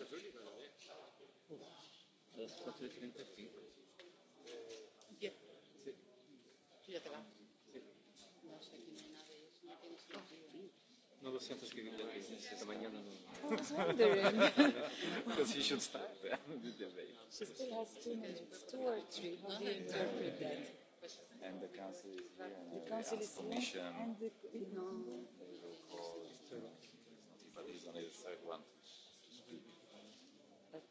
Selvfølgelig gør det. Selvfølgelig gør det. Ja. Fíjate, va. No sé quién es nadie. No tiene sentido. No lo siento escribir de business, esta mañana no. I was wondering. Because you should start there with the debate. She still has two minutes, two or three. How do you interpret that? And the council is here. And the council is here. Commission. And the, no. They will call. But he's only the third one.